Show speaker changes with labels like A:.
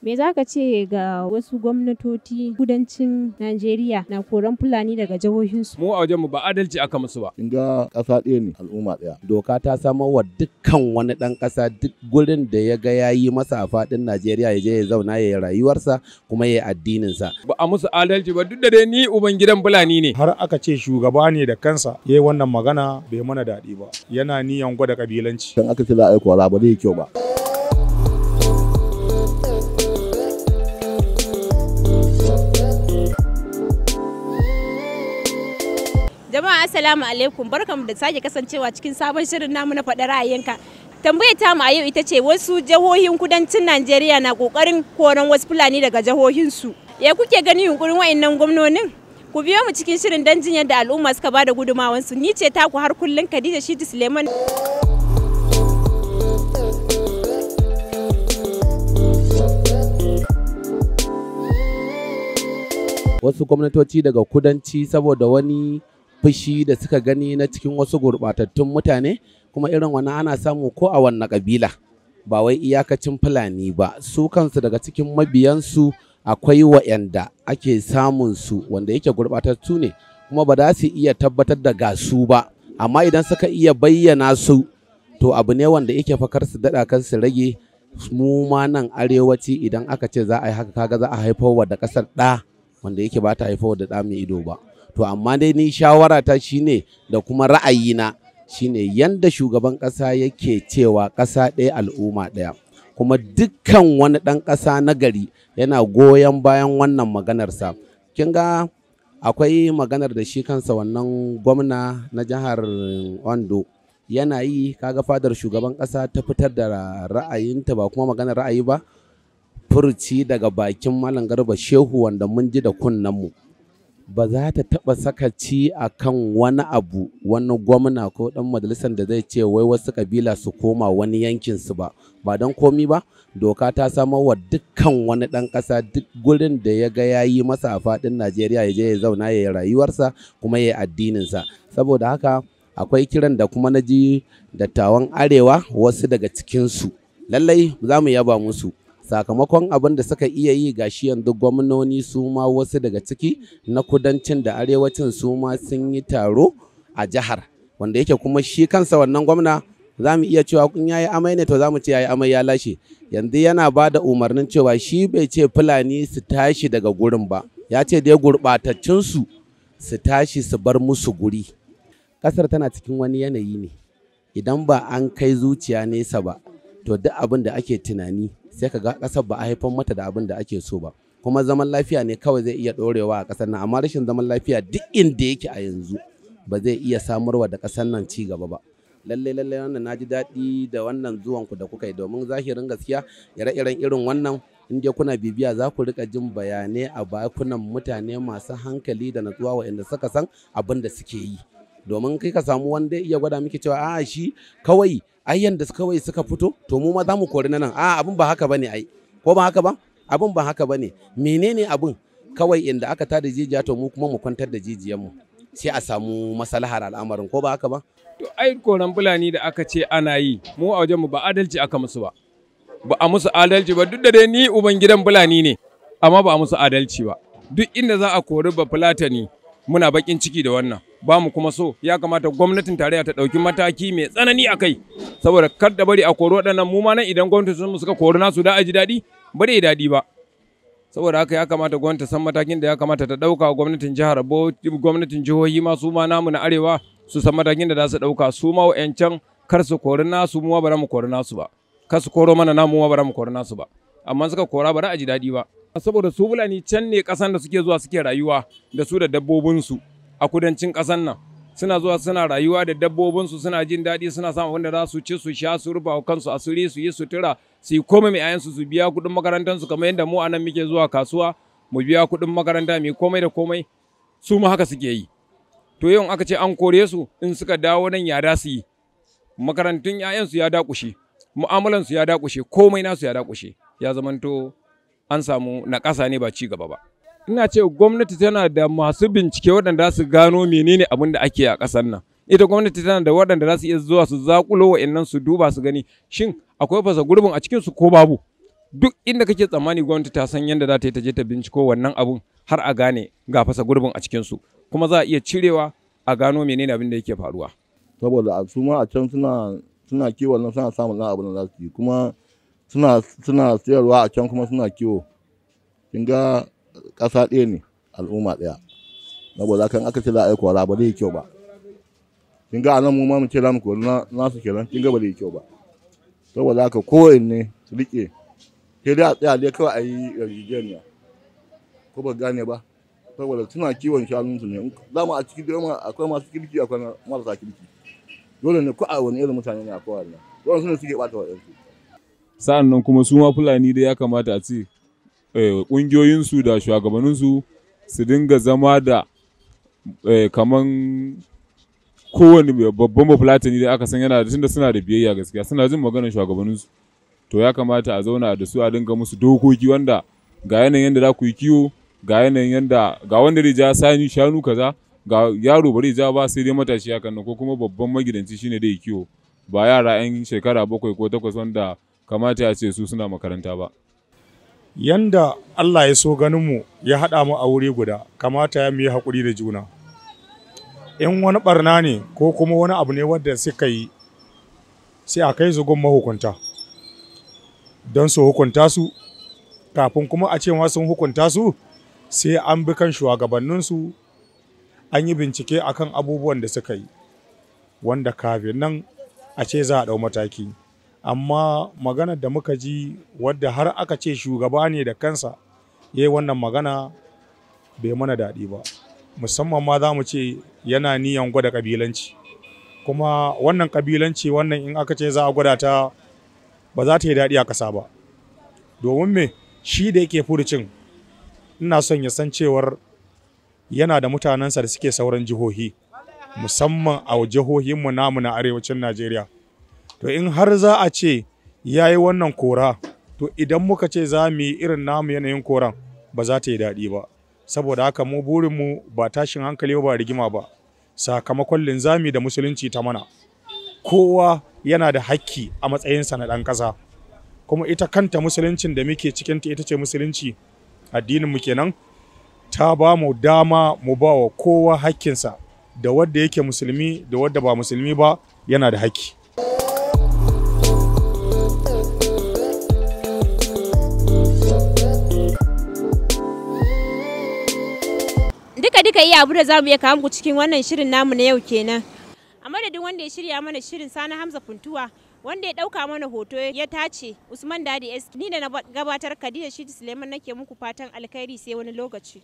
A: Me za ka ce ga wasu gwamnatoci kudancin Najeriya na koran Fulani daga jihohinsu? Mu a wajenmu ba adalci aka musu ba.
B: Ga ƙasa ɗaya ne al'umma ɗaya. Doka ta samo wa dukkan wani ɗan ƙasa duk gurin da ya ga ya yi masa a faɗin Najeriya ya je ya zauna ya yi rayuwarsa kuma ya yi addininsa.
C: Ba a musu adalci ba duk da dai ni uban Fulani ne. Har aka ce shugaba ne da kansa ya yi wannan magana bai mana daɗi ba. Yana niyan gwada kabilanci.
D: Dan aka ce za a yi ba zai yi kyau ba.
A: assalamu alaikum barkamu da sake kasancewa cikin sabon shirin namu na faɗa ra'ayinka tambayar ta mu a yau ita ce wasu jihohin kudancin najeriya na kokarin koran wasu fulani daga jihohinsu ya kuke gani yunkurin wa'annan gwamnonin ku biyo mu cikin shirin don jin da al'umma suka bada gudumawansu ni ce ta ku har kullum khadija shiti suleiman
B: wasu gwamnatoci daga kudanci saboda wani fushi da suka gani na cikin wasu gurɓatattun mutane kuma irin wani ana samu ko a wannan ƙabila ba wai iyakacin fulani ba su kansu daga cikin mabiyansu akwai wa'yanda ake samun su wanda yake gurɓatattu ne kuma ba za su iya tabbatar da gasu ba amma idan suka iya bayyana su to abu ne wanda yake fakar su daɗa kan su rage mu ma nan arewaci idan aka ce za a yi haka kaga za a haifar da ƙasar ɗa wanda yake ba ta haifar da ɗa mai ido ba to amma dai ni shawara ta shine da kuma ra'ayina shine yanda shugaban ƙasa yake cewa ƙasa ɗaya al'umma ɗaya kuma dukkan wani ɗan ƙasa na gari yana goyon bayan wannan maganarsa kin ga akwai maganar da shi kansa wannan gwamna na jihar ondo yana yi kaga fadar shugaban ƙasa ta fitar da ra'ayinta ba kuma maganar ra'ayi ba furci daga bakin malam garba shehu wanda mun ji da kunnenmu mu ba za ta taɓa sakaci a kan wani abu wani gwamna ko ɗan majalisar da zai ce wai wasu kabila su koma wani yankin su ba ba don komi ba doka ta samo wa dukkan wani ɗan ƙasa duk gurin da ya ga ya yi masa a faɗin najeriya ya je ya zauna ya yi rayuwarsa kuma ya yi addininsa saboda haka akwai kiran da kuma na ji dattawan arewa wasu daga cikinsu lallai za mu yaba musu sakamakon abin da suka iya yi gashi yanzu gwamnoni su ma wasu daga ciki na kudancin da arewacin su ma sun yi taro a jihar wanda yake kuma shi kansa wannan gwamna za mu iya cewa in yayi amai ne to za mu ce yayi amai ya lashe yanzu yana ba da umarnin cewa shi bai ce fulani su tashi daga gurin ba ya ce dai gurɓatacinsu su tashi su bar musu guri ƙasar tana cikin wani yanayi ne idan ba an kai zuciya nesa ba to duk abin da ake tunani sai ka ga ƙasar ba a haifar mata da abin da ake so ba kuma zaman lafiya ne kawai zai iya ɗorewa a ƙasar nan amma rashin zaman lafiya duk inda yake a yanzu ba zai iya samarwa da ƙasar nan ci gaba ba lalle lalle wannan ji daɗi da wannan zuwan ku da kuka yi domin zahirin gaskiya ire-iren irin wannan in je kuna bibiya za ku rika jin bayanai a bakunan mutane masu hankali da natsuwa waɗanda suka san abin da suke yi domin kai ka samu wanda ya gwada miki cewa a shi kawai ai yanda kawai suka fito to mu ma za mu kori nan a abin ba haka bane ai ko ba haka ba abin ba haka bane menene abin kawai inda aka tada jijiya to mu kuma mu kwantar da jijiyanmu sai a samu maslahar al'amarin ko ba haka ba
A: to ai koran bulani da aka ce ana yi mu a wajenmu ba adalci aka musu ba ba a musu adalci ba duk da dai ni uban gidan bulani ne amma ba a musu adalci ba duk inda za a kori ba fulatani muna bakin ciki da wannan ba mu kuma so ya kamata gwamnatin tarayya ta ɗauki mataki mai tsanani a kai saboda kar da bari a kori waɗannan mu ma nan idan gwamnati sun suka kori nasu da aji daɗi ba dai daɗi ba saboda haka ya kamata gwamnati san matakin da ya kamata ta ɗauka gwamnatin jihar bo gwamnatin jihohi ma su ma namu na arewa su san matakin da za su ɗauka su ma wa'yancan kar su kori nasu mu ma ba mu kori nasu ba kar su koro mana namu ma ba mu kori nasu ba amma suka kora ba da aji daɗi ba saboda su fulani can ne ƙasan da suke zuwa suke rayuwa da su da dabbobinsu a kudancin ƙasar nan suna zuwa suna rayuwa da dabbobinsu suna jin daɗi suna samun wanda za su ci su sha su rufa kansu asiri su yi sutura su yi komai mai ayansu su biya kuɗin makarantarsu kamar yadda mu a nan muke zuwa kasuwa mu biya kuɗin makaranta mai komai da komai su mu haka suke yi to yau aka ce an kore su in suka dawo nan ya da su yi makarantun 'ya'yansu ya dakushe mu'amalansu ya dakushe komai nasu ya dakushe ya zamanto an samu na ne ba ci gaba ba ina ce gwamnati tana da masu bincike waɗanda su gano menene abin da ake a ƙasar nan ita gwamnati tana da waɗanda za su iya zuwa su zakulo wa'annan su duba su gani shin akwai fasa gurbin a cikin su ko babu duk inda kake tsammani gwamnati ta san yadda za ta yi ta je ta binciko wannan abun har a gane ga fasa gurbin a cikin su kuma za a iya cirewa a gano menene abin da yake faruwa
D: saboda su ma a can suna suna kiwo nan suna samun nan abin da za su yi kuma suna suna sayarwa a can kuma suna kiwo kin ga ƙasa ɗaya ne al'umma ɗaya Na saboda kan aka ce za a yi kora ba zai yi kyau ba kin ga anan mu ma mu ce za mu kori nasu kenan kin ga ba zai yi kyau ba saboda haka kowanne su riƙe sai dai a tsaya dai kawai a yi yarjejeniya ko ba gane ba saboda suna kiwon shanunsu ne za mu a cikin dama akwai masu kirki akwai marasa kirki dole ne ko a wani irin mutane ne a wannan wannan su ne suke ɓata waɗansu
A: sa'an nan kuma su ma fulani dai ya kamata a ce Eh, ƙungiyoyinsu da shugabanninsu su dinga zama da eh, kaman kowane babban bafulatani da aka san yana da tunda suna da biyayya gaskiya suna jin maganar shugabanninsu to ya kamata a zauna da su a dinga musu dokoki wanda ga yanayin yadda za ku yi kiwo ga yanayin yadda ga wanda zai ja sani shanu kaza ga yaro bari ja ba sai dai matashi hakan nan ko kuma babban magidanci shine dai kiwo ba yara
C: 'yan shekara bakwai ko takwas wanda kamata ya ce su suna makaranta ba yanda Allah ya so ganinmu ya haɗa mu a wuri guda kamata ya mu yi haƙuri da juna in wani ɓarna ne ko kuma wani abu ne wanda suka yi sai a kai zugun mahukunta don su hukunta su kafin kuma a cewa sun hukunta su sai an bi kan shugabanninsu an yi bincike akan abubuwan da suka yi wanda kafin nan a ce za a ɗau mataki. amma maganar da muka ji wadda har aka ce shugaba ne da kansa ya yi wannan magana bai mana daɗi ba musamman ma za mu ce yana niyan gwada kabilanci. kuma wannan kabilanci wannan in aka ce za a gwada ta ba za ta yi daɗi a ƙasa ba domin me shi da yake furucin ina son ya san cewar yana da mutanensa da suke sauran jihohi musamman a jihohinmu namu na arewacin najeriya to in har za a ce ya yi wannan kora to idan muka ce za mu yi irin namu yanayin koran ba za ta yi daɗi ba saboda haka mu burinmu ba tashin hankali ba rigima ba sakamakon linzami da musulunci ta mana kowa yana da hakki a matsayinsa na ɗan ƙasa kuma ita kanta musuluncin da muke cikin ta ita ce musulunci addinin addininmu kenan ta ba mu dama mu ba wa kowa hakkinsa da wadda yake musulmi da wadda ba musulmi ba yana da hakki.
A: muka yi abu da za mu iya kawo muku cikin wannan shirin namu na yau kenan a madadin wanda ya shirya mana shirin sani hamza funtuwa wanda ya ɗauka mana hoto ya tace usman dadi ni da na gabatar shi da suleiman nake muku fatan alkhairi sai wani lokaci